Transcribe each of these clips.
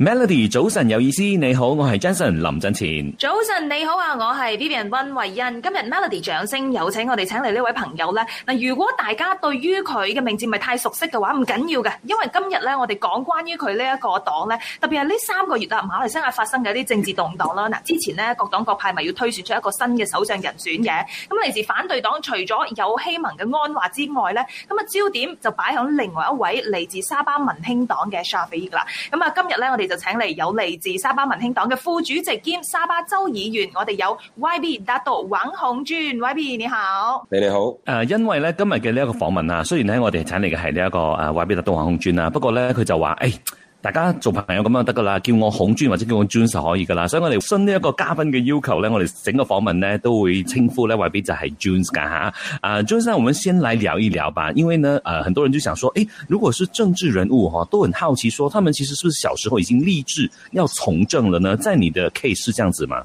Melody，早晨有意思，你好，我係 Jason 林振前。早晨你好啊，我係 Vivian 溫慧欣。今日 Melody 掌聲有請我哋請嚟呢位朋友咧。嗱，如果大家對於佢嘅名字唔係太熟悉嘅話，唔緊要嘅，因為今日咧我哋講關於佢呢一個黨咧，特別係呢三個月啊馬來西亞發生嘅一啲政治動蕩啦。嗱，之前咧各黨各派咪要推選出一個新嘅首相人選嘅，咁嚟自反對黨除咗有希盟嘅安華之外咧，咁啊焦點就擺響另外一位嚟自沙巴民興黨嘅沙菲依噶啦。咁啊今日咧我哋。就請嚟有嚟自沙巴民興黨嘅副主席兼沙巴州議員我們，我哋有 YB 達道尹孔專，YB 你好，你哋好。誒、呃，因為咧今日嘅呢一個訪問、嗯這個、啊，雖然喺我哋請嚟嘅係呢一個誒 YB 達道尹孔專啊，不過咧佢就話誒。欸大家做朋友咁樣得噶啦，叫我紅尊或者叫我 j u 尊就可以噶啦，所以我哋遵呢一個嘉賓嘅要求咧，我哋整個訪問呢都會稱呼咧，話俾就係 n s 噶。r 啊。u n Sir，我們先來聊一聊吧。因為呢，呃，很多人就想說，誒、欸，如果是政治人物嗬，都很好奇說，說他們其實是不是小時候已經立志要從政了呢？在你的 case 是這樣子嗎？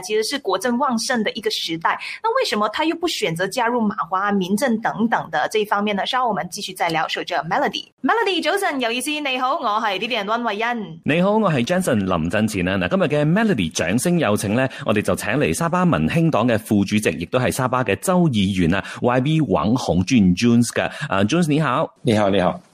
其實是國政旺盛的一個時代，那為什麼他又不選擇加入馬華、民政等等的這一方面呢？稍後我們繼續再聊。守者 Melody，Melody Mel 早晨有意思，你好，我係 Lilian 王慧欣。你好，我係 Jenson 林振前啊。嗱，今日嘅 Melody 掌聲有請呢，我哋就請嚟沙巴民興黨嘅副主席，亦都係沙巴嘅州議員啊，YB 黃紅專 Junz 嘅。啊 Junz 你好，你好你好。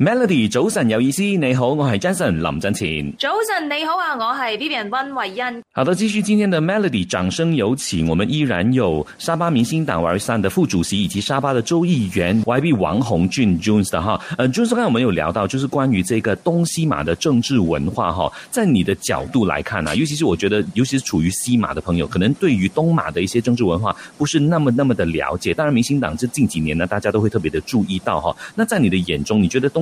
Melody 早晨有意思，你好，我是 Jason 林振前。早晨你好啊，我是 Vivian 溫慧恩。好的，繼續今天的 Melody 掌聲有請，我們依然有沙巴明星黨 Y B 三的副主席以及沙巴的州議員 Y B 王紅俊 Jones 的哈。誒、uh,，Jones 剛才我們有聊到，就是關於這個東西馬的政治文化哈。在你的角度來看呢、啊，尤其是我覺得，尤其是處於西馬的朋友，可能對於東馬的一些政治文化不是那麼那麼的了解。當然，明星黨這近幾年呢，大家都會特別的注意到哈。那在你的眼中，你覺得東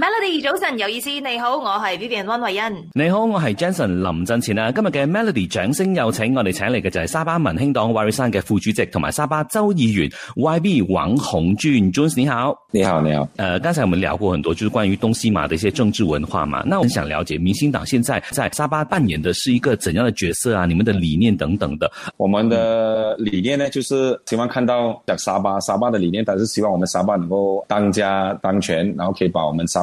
Melody 早晨有意思，你好，我是 Vivian 温慧欣。你好，我是 Jason 林振前啊。今日嘅 Melody 掌聲有請，我哋請嚟嘅就係沙巴民興黨 y 裔山嘅副主席，同埋沙巴州議員 YB 王洪俊。Jones 你好，你好，你好。誒、呃，剛才我們聊過很多，就是關於東西馬嘅一些政治文化嘛。那我想了解民興黨現在在沙巴扮演嘅是一個怎樣的角色啊？你們的理念等等的。我們的理念呢，就是希望看到講沙巴沙巴嘅理念，但是希望我們沙巴能夠當家當權，然後可以把我們沙。